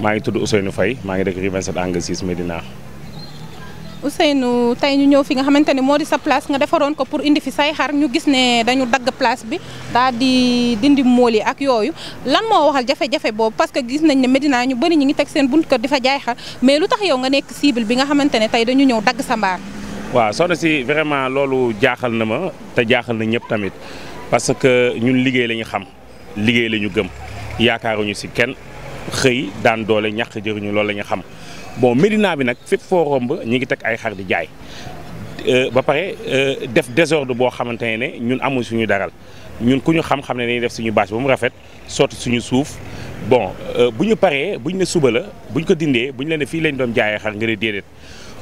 maa ngi tudd nu Faye maa ngi dëkk rue 27 angle 6 Médina. Ousseynou tey ñu ñëw fi nga xamante ne moo di sa place nga defaroon ko pour indi fi say xar ñu gis ne dañu dagg place bi daal di dindi mool yi ak yooyu lan moo waxal jafe-jafe boobu parce que gis nañ ne Médina ñu bëri ñu ngi teg seen bunt kër di fa jaay xar mais lu tax yow nga nekk cible bi nga xamante ne tey dañu ñëw dagg sa mbaar. waaw soxna si vraiment loolu jaaxal na ma te jaaxal na ñëpp tamit. parce que ñun liggéey la ñu xam liggéey la ñu gëm yaakaaruñu si kenn xëy daan doole ñàq jëruñu loolu lañu xam bon Médina bi nag fépp foo romb ñu ngi teg ay xar di jaay euh, ba pare euh, def désordre boo xamante ne ñun amul suñu daral ñun ku ñu xam-xam ne dañuy def suñu bâche ba mu rafet sot suñu suuf bon euh, bu ñu paree bu ñu ne suba la bu ñu ko dindee bu ñu leen ne fii lañ doon jaayee xar nga ne déedéet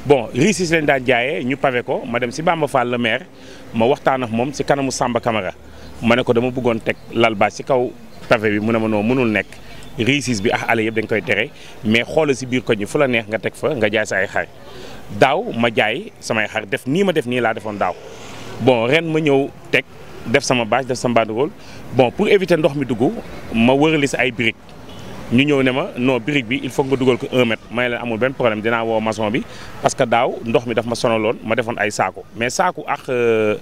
bon riis si leen daan jaayee ñu pavé ko ma dem si Bamba Fall le maire ak moom si kanamu Samba Camara ma ne ko dama buggoon teg lal ba ci kaw pavé bi mu a ma noo mënul nekk réussite bi ah àll yëpp dañ koy tere mais xoola si biir ko bi fu la neex nga teg fa nga jaay sa ay xar daaw ma jaay samay xar def nii ma def nii laa defoon daaw bon ren ma ñëw teg def sama bâche def sama banderole bon pour éviter ndox mi dugg ma wërali ci ay briques ñu ñëw ne ma no brique bi il faut nga dugal ko un mètre may leen amul benn problème dinaa woo mason bi parce que daaw ndox mi daf ma sonaloon ma defoon ay saako mais saako ak euh,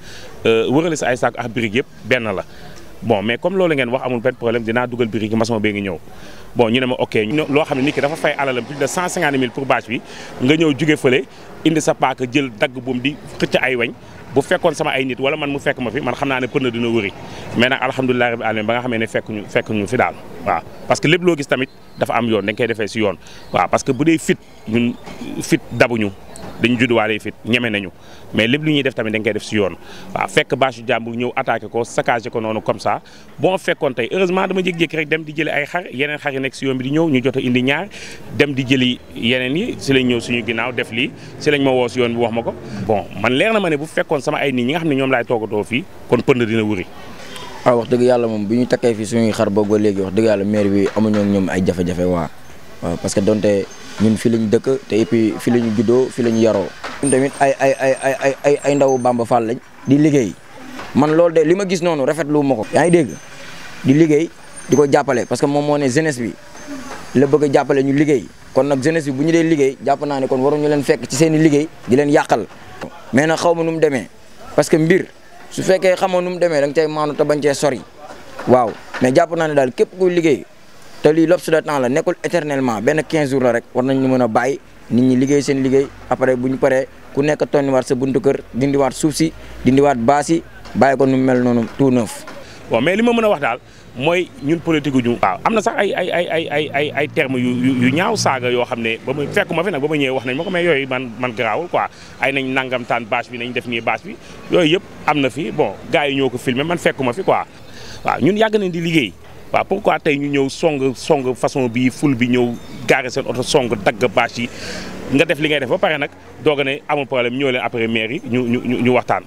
euh, wërale sa ay saako ak brique yëpp benn la bon mais comme loolu ngeen wax amul benn problème dinaa dugal brique yi maçon bee ngi ñëw bon ñu ne ma ok loo xam ne nit ki dafa fay alalam plus de cent cinquante mille pour bâche bi nga ñëw jóge fële indi sa paaka jël dagg buum di xëcc ay weñ bu fekkoon sama ay nit wala man mu fekk ma fi man xam naa ne pën na dina wëri mais nag alhamdulilah rabbi alamin ba nga xamee ne fekk ñu fekk fi daal waaw parce que lépp loo gis tamit dafa am yoon dañ koy defee si yoon waa parce que bu dee fit ñun fit dabuñu dañu judduwaale yi fit ñeme nañu mais lépp lu ñuy def tamit dañ koy def si yoon waaw fekk bâche jàmbur ñëw attaqué ko saccagé ko noonu comme ça bon fekkoon tey heureusement dama jékki-jékki rek dem di jëli ay xar yeneen xar nekk si yoon bi di ñëw ñu jot a indi ñaar dem di jëli yeneen yi si lañ ñëw suñu ginnaaw def lii si lañ ma woo si yoon bi wax ma ko bon man leer na ma ne bu fekkoon sama ay nit ñi nga xam ne ñoom laay toogatoo fii kon pënd dina wuri waaw ah, wax dëgg yàlla moom bi ñu takkee fii suñuy xar boog ba léegi ñun fi lañ dëkk te et puis fi lañu juddoo fi lañu yaroo. ñun tamit ay ay ay ay ay ay ndaw Bamba Fall lañ. di liggéey man loolu de li ma gis noonu rafetlu ma ko. yaa ngi dégg di liggéey di ko jàppale parce que moom moo ne jeunesse bi la bëgg a jàppale ñu liggéey kon nag jeunesse bu ñu dee liggéey jàpp naa ne kon ñu leen fekk ci seeni liggéey di leen yàqal. mais na xaw ma nu mu demee parce que mbir su fekkee xamoo nu mu demee da nga cay maanu te bañ cee sori waaw mais jàpp naa ne daal képp kuy liggéey. te lii laps de temps la nekkul éternellement benn 15 jours la rek war nañ ñu mën a bàyyi nit ñi liggéey seen liggéey après bu ñu pare ku nekk tonniwaat sa buntu kër dindiwaat suuf si dindiwaat baas yi bàyyi ko nu mel noonu tout neuf. waaw mais li ma mën a wax daal mooy ñun politique u ñu. waaw am na sax ay ay ay ay ay ay termes yu yu ñaaw saaga yoo xam ne ba ma fekk ma fi nag ba ma ñëwee wax nañ ma ko mais yooyu man man garaawul quoi ay nañ nangam taan bâche bi nañ def nii bâche bi yooyu yëpp am na fi bon gars ñoo ko filmé man fekku ma fi quoi waaw ñun yàgg nañ di liggéey. waaw quoi tey ñu ñëw song song façon bi ful bi ñëw gaare seen oto song dagg bâche yi nga def li ngay def ba pare nag doog a ne amul problème ñëw leen après maire yi ñu ñu ñu waxtaan.